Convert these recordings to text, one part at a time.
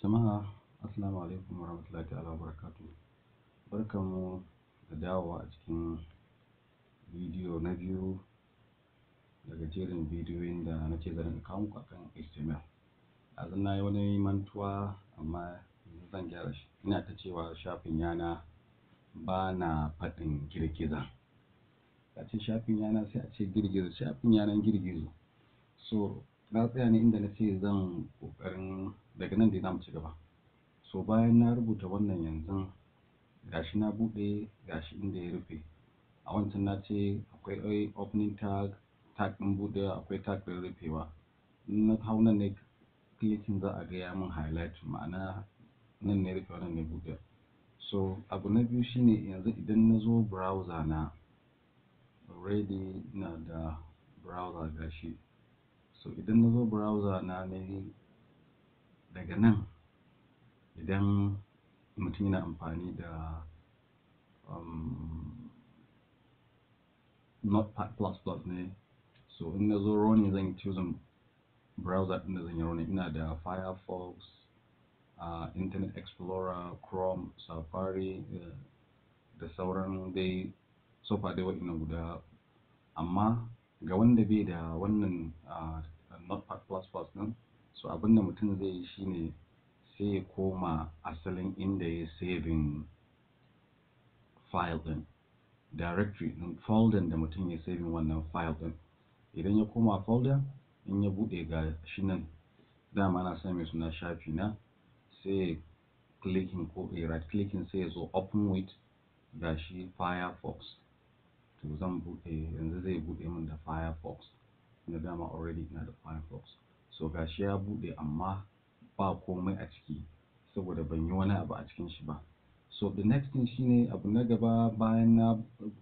Jama'a assalamu alaikum warahmatullahi ta'ala wabarakatuhu. Barkanmu da dawowa a cikin bidiyo na biyu daga jerin bidiyoyin da na ce zan kawo muku akan HTML. a na yi wani mantuwa amma yanzu zan gyara shi. Ina ta cewa shafin yana ba na faɗin girgiza. A ce shafin yana sai a ce girgizo, shafin yanar girgizo. So na tsaya ne inda na ce zan ƙoƙarin daga nan dai za mu ci gaba so bayan na rubuta wannan yanzu gashi na buɗe gashi inda ya rufe a wancan na ce akwai opening tag tag ɗin buɗewa akwai tag ɗin rufewa na hau nan ne clicking za a gaya min highlight ma'ana nan ne rufewa nan ne buɗewa so abu na biyu shine yanzu idan na zo browser na already na da browser gashi so idan na zo browser na na daga nan idan mutum yana amfani da um, notepad plus plus ne so in na zo running zan yi choosing browser ɗin da zan yi running ina da firefox uh, internet explorer chrome safari eh, da sauran dai so far dai waɗannan guda amma ga wanda bai da wannan notepad plus plus ɗin so abinda mutum zai yi shine sai ya koma asalin inda ya saving file ɗin directory ɗin folder da mutum ya saving wannan file ɗin idan ya koma folder in ya buɗe ga shi nan dama na sa mai suna shafi na sai clicking ko right clicking sai ya zo open with ga shi firefox to zan buɗe yanzu zai buɗe min da firefox na dama already ina da firefox so gashi ya buɗe amma ba komai a ciki saboda ban yi wani abu a cikin shi ba so the next thing shine abu na gaba bayan na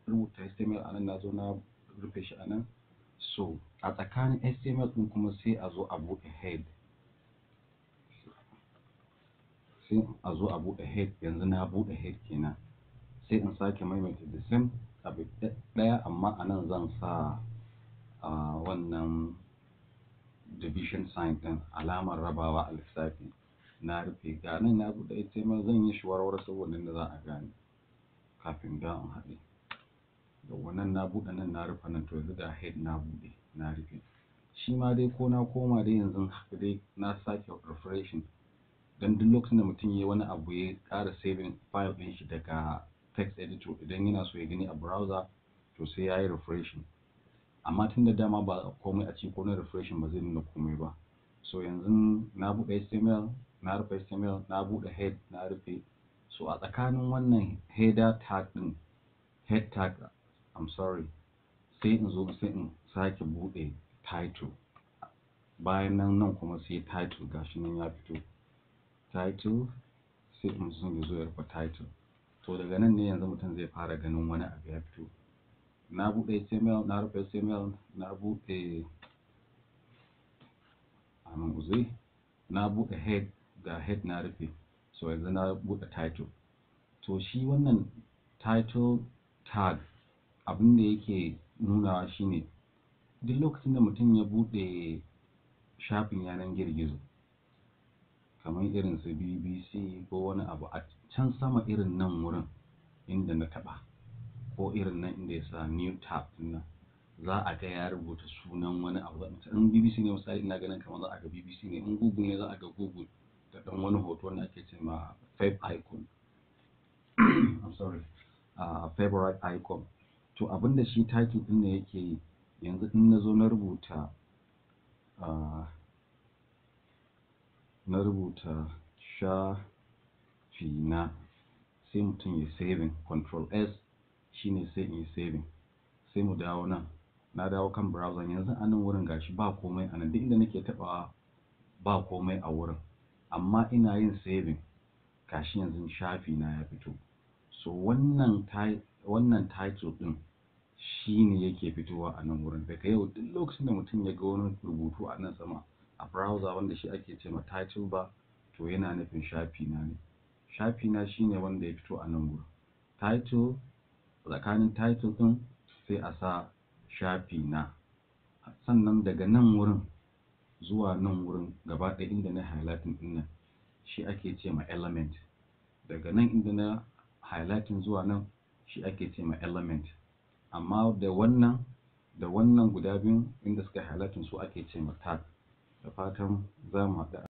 rubuta html anan na zo na rufe shi anan so a tsakanin html din kuma sai a zo a buɗe head sai a zo a buɗe head yanzu na buɗe head kenan sai in sake maimaita the same abu ɗaya amma a nan zan sa wannan division sign ɗin alamar rabawa a lissafi na rufe ga nan na buɗe ma zan yi shawarwar saboda da za a gane kafin ga in haɗe da wannan na buɗe nan na rufe nan to yanzu ga head na buɗe na rufe shi ma dai ko na koma dai yanzu dai na sake refreshing don duk lokacin da mutum ya yi wani abu ya ƙara saving file ɗin shi daga text editor idan yana so ya gani a browser to sai ya yi refreshing amma tun da dama ba komai a cikin ko na refreshing ba zai nuna komai ba so yanzu na buɗe html na rufe html na buɗe head na rufe so a tsakanin wannan header tag din head tag i'm sorry sai in zo sai in sake buɗe title bayan nan nan kuma sai title gashi nan ya fito title sai in zo ya rufe title to daga nan ne yanzu mutum zai fara ganin wani abu ya fito na buɗe html na rufe html na buɗe amin uzuri na buɗe head ga head na rufe so yanzu na buɗe title to shi wannan title tag abin da yake nunawa shine duk lokacin da mutum ya buɗe shafin yanar gizo kamar irin su BBC ko wani abu a can sama irin nan wurin inda na taɓa ko irin nan inda ya sa new tab nan za a ga ya rubuta sunan wani abu in BBC ne misali ina ganin kamar za a ga BBC ne in Google ne za a ga Google da ɗan wani hoto wanda ake ce ma fave icon I'm sorry uh, favorite icon to abinda shi takin ɗin ne yake yi yanzu in na zo na rubuta uh, na rubuta shafi na sai mutum ya saving control s shine sai in saving sai mu dawo nan na dawo kan browser yanzu anan nan wurin gashi ba komai a nan duk inda nake tabawa ba komai a wurin amma ina yin saving gashi yanzu shafi na ya fito so wannan wannan title din shine yake fitowa a nan wurin daga yau duk lokacin da mutum ya ga wani rubutu a nan sama a browser wanda shi ake ce ma title bar to yana nufin shafi na ne shafi na shine wanda ya fito a nan gurin title tsakanin title din sai a sa shafi na sannan daga nan wurin zuwa nan wurin gaba ɗaya inda na highlighting din nan shi ake ce ma element daga nan inda na highlighting zuwa nan shi ake ce ma element amma da wannan da wannan guda biyun inda suka highlighting su ake ce ma tag da fatan mu haɗu